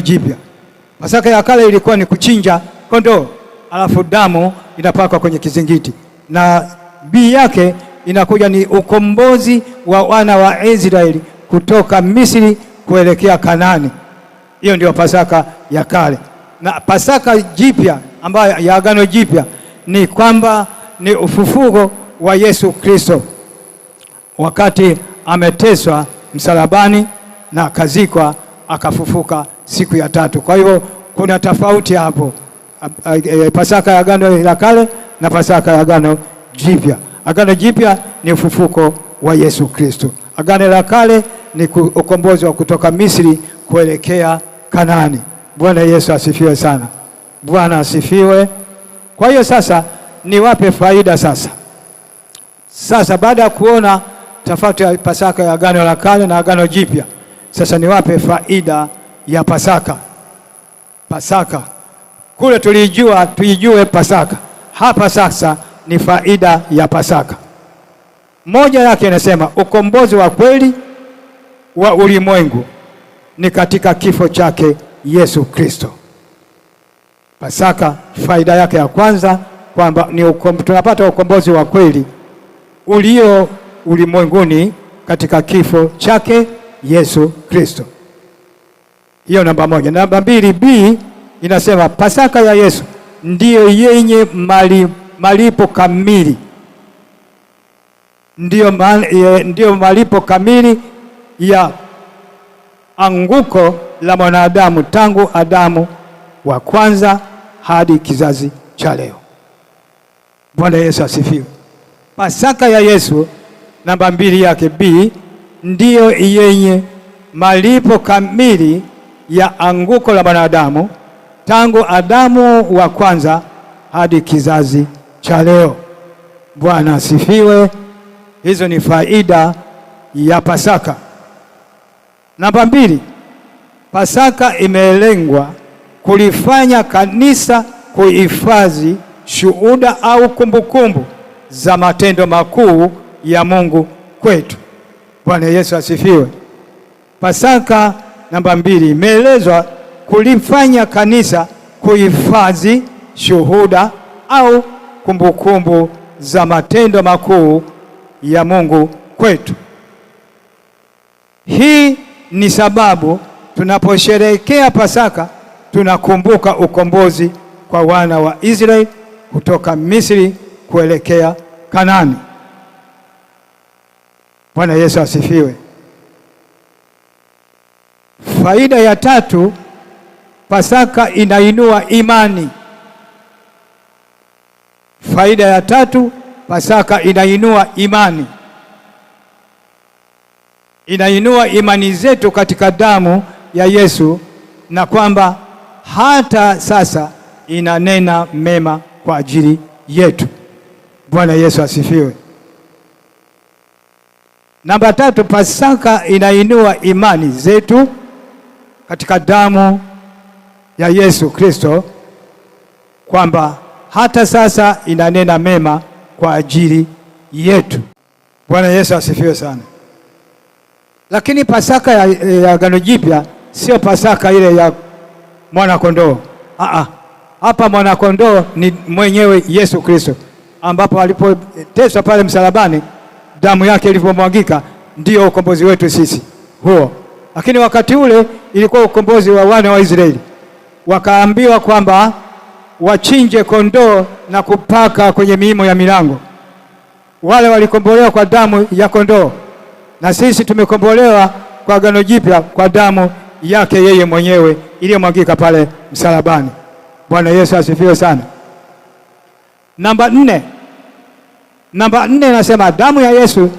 Jipya. Pasaka ya kale ilikuwa ni kuchinja kondoo alafu damu inapakwa kwenye kizingiti, na bii yake inakuja ni ukombozi wa wana wa Israeli kutoka Misri kuelekea kanani Hiyo ndio Pasaka ya kale, na Pasaka jipya ambayo ya Agano Jipya ni kwamba ni ufufuko wa Yesu Kristo wakati ameteswa msalabani na akazikwa akafufuka siku ya tatu. Kwa hivyo kuna tofauti hapo, e, e, Pasaka ya Agano la Kale na Pasaka ya Agano Jipya. Agano Jipya ni ufufuko wa Yesu Kristo. Agano la Kale ni ukombozi wa kutoka Misri kuelekea Kanaani. Bwana Yesu asifiwe sana. Bwana asifiwe. Kwa hiyo sasa niwape faida sasa. Sasa baada ya kuona tofauti ya Pasaka ya Agano la Kale na Agano Jipya, sasa niwape faida ya Pasaka. Pasaka kule tulijua tuijue Pasaka, hapa sasa ni faida ya Pasaka. Moja yake inasema ukombozi wa kweli wa ulimwengu ni katika kifo chake Yesu Kristo. Pasaka faida yake ya kwanza kwamba ni ukom, tunapata ukombozi wa kweli ulio ulimwenguni katika kifo chake Yesu Kristo. Hiyo namba moja. Namba mbili, B inasema Pasaka ya Yesu ndiyo yenye mali, malipo kamili ndiyo, mal, e, eh, ndiyo malipo kamili ya anguko la mwanadamu tangu Adamu wa kwanza hadi kizazi cha leo. Bwana Yesu asifiwe. Pasaka ya Yesu namba mbili yake B ndiyo yenye malipo kamili ya anguko la mwanadamu tangu Adamu wa kwanza hadi kizazi cha leo. Bwana asifiwe. Hizo ni faida ya Pasaka. Namba mbili, Pasaka imelengwa kulifanya kanisa kuhifadhi shuhuda au kumbukumbu za matendo makuu ya Mungu kwetu. Bwana Yesu asifiwe. Pasaka namba mbili, imeelezwa kulifanya kanisa kuhifadhi shuhuda au kumbukumbu kumbu za matendo makuu ya Mungu kwetu. Hii ni sababu tunaposherehekea Pasaka tunakumbuka ukombozi kwa wana wa Israeli kutoka Misri kuelekea kanani Bwana Yesu asifiwe. Faida ya tatu, Pasaka inainua imani. Faida ya tatu, Pasaka inainua imani, inainua imani zetu katika damu ya Yesu, na kwamba hata sasa inanena mema kwa ajili yetu. Bwana Yesu asifiwe. Namba tatu, Pasaka inainua imani zetu katika damu ya Yesu Kristo kwamba hata sasa inanena mema kwa ajili yetu. Bwana Yesu asifiwe sana. Lakini Pasaka ya, ya Agano Jipya sio Pasaka ile ya Ah ah. hapa mwanakondoo ni mwenyewe Yesu Kristo, ambapo alipoteswa pale msalabani, damu yake ilipomwagika, ndio ukombozi wetu sisi huo. Lakini wakati ule ilikuwa ukombozi wa wana wa Israeli, wakaambiwa kwamba wachinje kondoo na kupaka kwenye miimo ya milango. Wale walikombolewa kwa damu ya kondoo, na sisi tumekombolewa kwa agano jipya kwa damu yake yeye mwenyewe iliyomwagika pale msalabani. Bwana Yesu asifiwe sana. Namba nne, namba nne inasema damu ya Yesu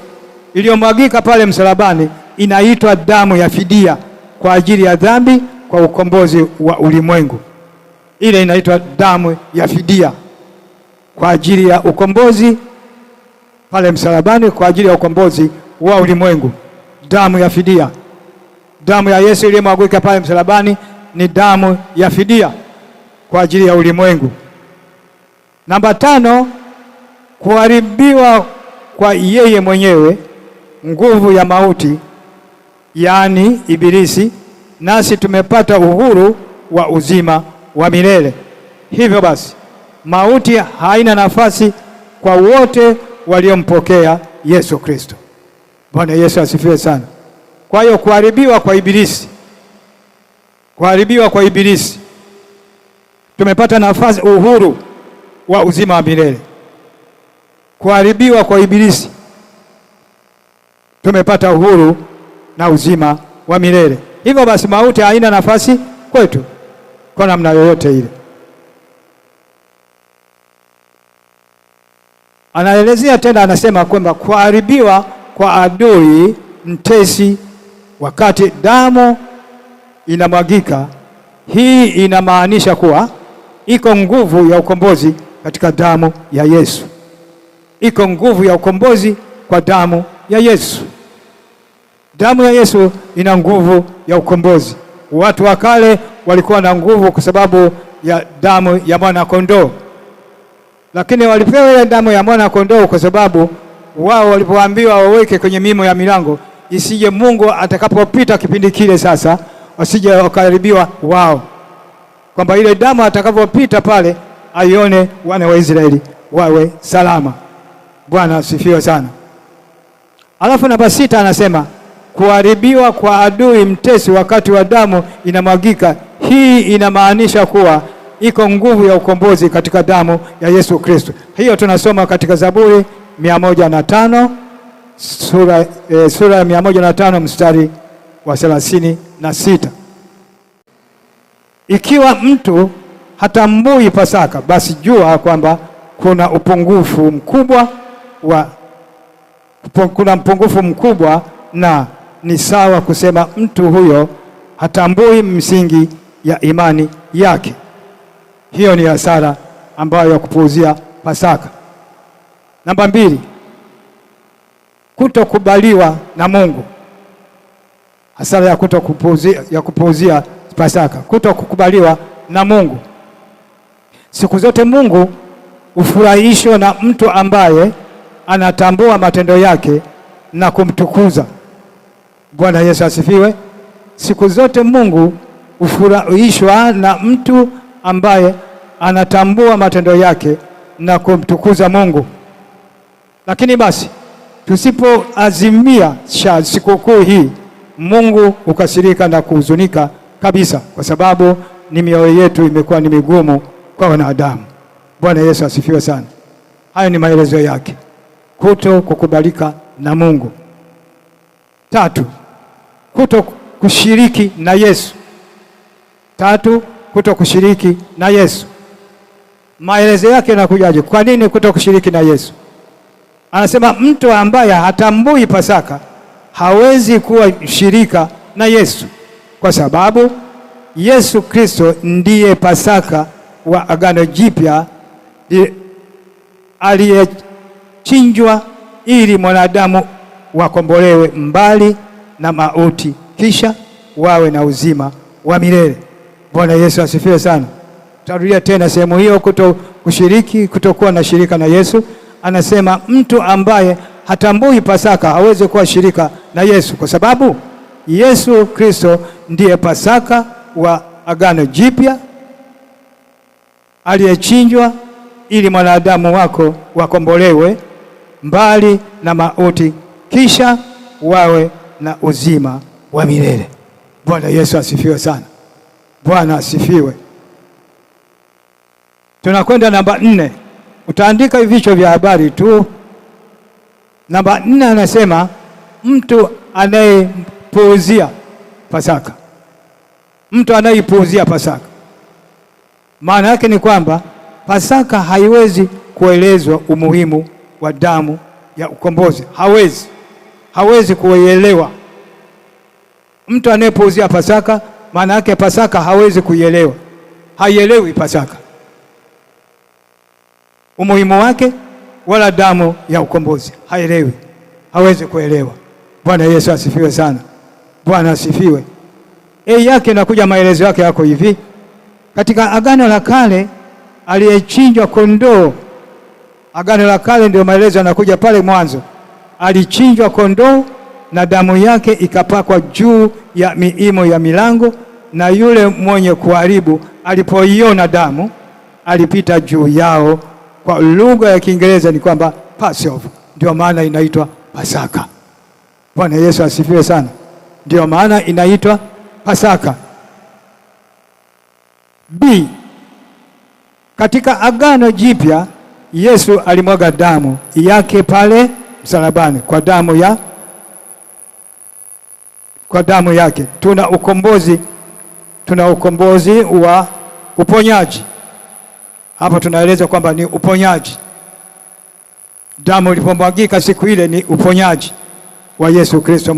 iliyomwagika pale msalabani inaitwa damu ya fidia kwa ajili ya dhambi kwa ukombozi wa ulimwengu. Ile inaitwa damu ya fidia kwa ajili ya ukombozi pale msalabani, kwa ajili ya ukombozi wa ulimwengu. Damu ya fidia, damu ya Yesu iliyomwagika pale msalabani ni damu ya fidia kwa ajili ya ulimwengu. Namba tano, kuharibiwa kwa yeye mwenyewe, nguvu ya mauti yaani Ibilisi, nasi tumepata uhuru wa uzima wa milele. Hivyo basi mauti haina nafasi kwa wote waliompokea Yesu Kristo. Bwana Yesu asifiwe sana. Kwa hiyo kuharibiwa kwa Ibilisi, kuharibiwa kwa Ibilisi, tumepata nafasi, uhuru wa uzima wa milele. Kuharibiwa kwa Ibilisi, tumepata uhuru na uzima wa milele. Hivyo basi mauti haina nafasi kwetu kwa namna yoyote ile. Anaelezea tena, anasema kwamba kuharibiwa kwa adui mtesi wakati damu inamwagika, hii inamaanisha kuwa iko nguvu ya ukombozi katika damu ya Yesu. Iko nguvu ya ukombozi kwa damu ya Yesu. Damu ya Yesu ina nguvu ya ukombozi. Watu wa kale walikuwa na nguvu kwa sababu ya damu ya mwana kondoo, lakini walipewa ile damu ya mwana kondoo kwa sababu wao walipoambiwa waweke kwenye mimo ya milango isije Mungu atakapopita kipindi kile sasa wasije wakaribiwa wao, kwamba ile damu atakapopita pale aione wana wa Israeli wawe salama. Bwana asifiwe sana. Alafu namba sita anasema kuharibiwa kwa adui mtesi wakati wa damu inamwagika. Hii inamaanisha kuwa iko nguvu ya ukombozi katika damu ya Yesu Kristo. Hiyo tunasoma katika Zaburi 105 sura, e, sura ya 105 mstari wa thelathini na sita. Ikiwa mtu hatambui Pasaka, basi jua kwamba kuna upungufu mkubwa wa kuna mpungufu mkubwa na ni sawa kusema mtu huyo hatambui msingi ya imani yake. Hiyo ni hasara ambayo ya kupuuzia Pasaka. Namba mbili, kutokubaliwa na Mungu. Hasara ya kutokupuuzia ya kupuuzia Pasaka, kutokukubaliwa na Mungu. Siku zote Mungu hufurahishwa na mtu ambaye anatambua matendo yake na kumtukuza. Bwana Yesu asifiwe. Siku zote Mungu hufurahishwa na mtu ambaye anatambua matendo yake na kumtukuza Mungu. Lakini basi tusipoazimia sha sikukuu hii, Mungu hukasirika na kuhuzunika kabisa, kwa sababu ni mioyo yetu imekuwa ni migumu kwa wanadamu. Bwana Yesu asifiwe sana. Hayo ni maelezo yake, kuto kukubalika na Mungu. Tatu, kuto kushiriki na Yesu. Tatu, kuto kushiriki na Yesu. Maelezo yake yanakujaje? Kwa nini kuto kushiriki na Yesu? Anasema mtu ambaye hatambui Pasaka hawezi kuwa mshirika na Yesu, kwa sababu Yesu Kristo ndiye Pasaka wa Agano Jipya aliyechinjwa ili mwanadamu wakombolewe mbali na mauti, kisha wawe na uzima wa milele. Bwana Yesu asifiwe sana. Tarudia tena sehemu hiyo, kuto kushiriki, kutokuwa na shirika na Yesu. Anasema mtu ambaye hatambui Pasaka hawezi kuwa shirika na Yesu, kwa sababu Yesu Kristo ndiye Pasaka wa Agano Jipya aliyechinjwa ili mwanadamu wako wakombolewe mbali na mauti, kisha wawe na uzima wa milele. Bwana Yesu asifiwe sana. Bwana asifiwe. Tunakwenda namba nne. Utaandika vichwa vya habari tu. Namba nne anasema mtu anayepuuzia Pasaka, mtu anayeipuuzia Pasaka. Maana yake ni kwamba Pasaka haiwezi kuelezwa umuhimu wa damu ya ukombozi, hawezi hawezi kuielewa. Mtu anayepuuzia Pasaka maana yake Pasaka hawezi kuielewa, haielewi Pasaka umuhimu wake, wala damu ya ukombozi haielewi, hawezi kuelewa. Bwana Yesu asifiwe sana. Bwana asifiwe. Ei yake nakuja, maelezo yake yako hivi katika Agano la Kale, aliyechinjwa kondoo. Agano la Kale ndio maelezo yanakuja pale mwanzo alichinjwa kondoo na damu yake ikapakwa juu ya miimo ya milango, na yule mwenye kuharibu alipoiona damu alipita juu yao. Kwa lugha ya Kiingereza ni kwamba Passover, ndio maana inaitwa Pasaka. Bwana Yesu asifiwe sana. Ndio maana inaitwa Pasaka. B. Katika Agano Jipya Yesu alimwaga damu yake pale msalabani kwa damu ya kwa damu yake tuna ukombozi, tuna ukombozi wa uponyaji. Hapa tunaeleza kwamba ni uponyaji. Damu ilipomwagika siku ile ni uponyaji wa Yesu Kristo mwenyewe.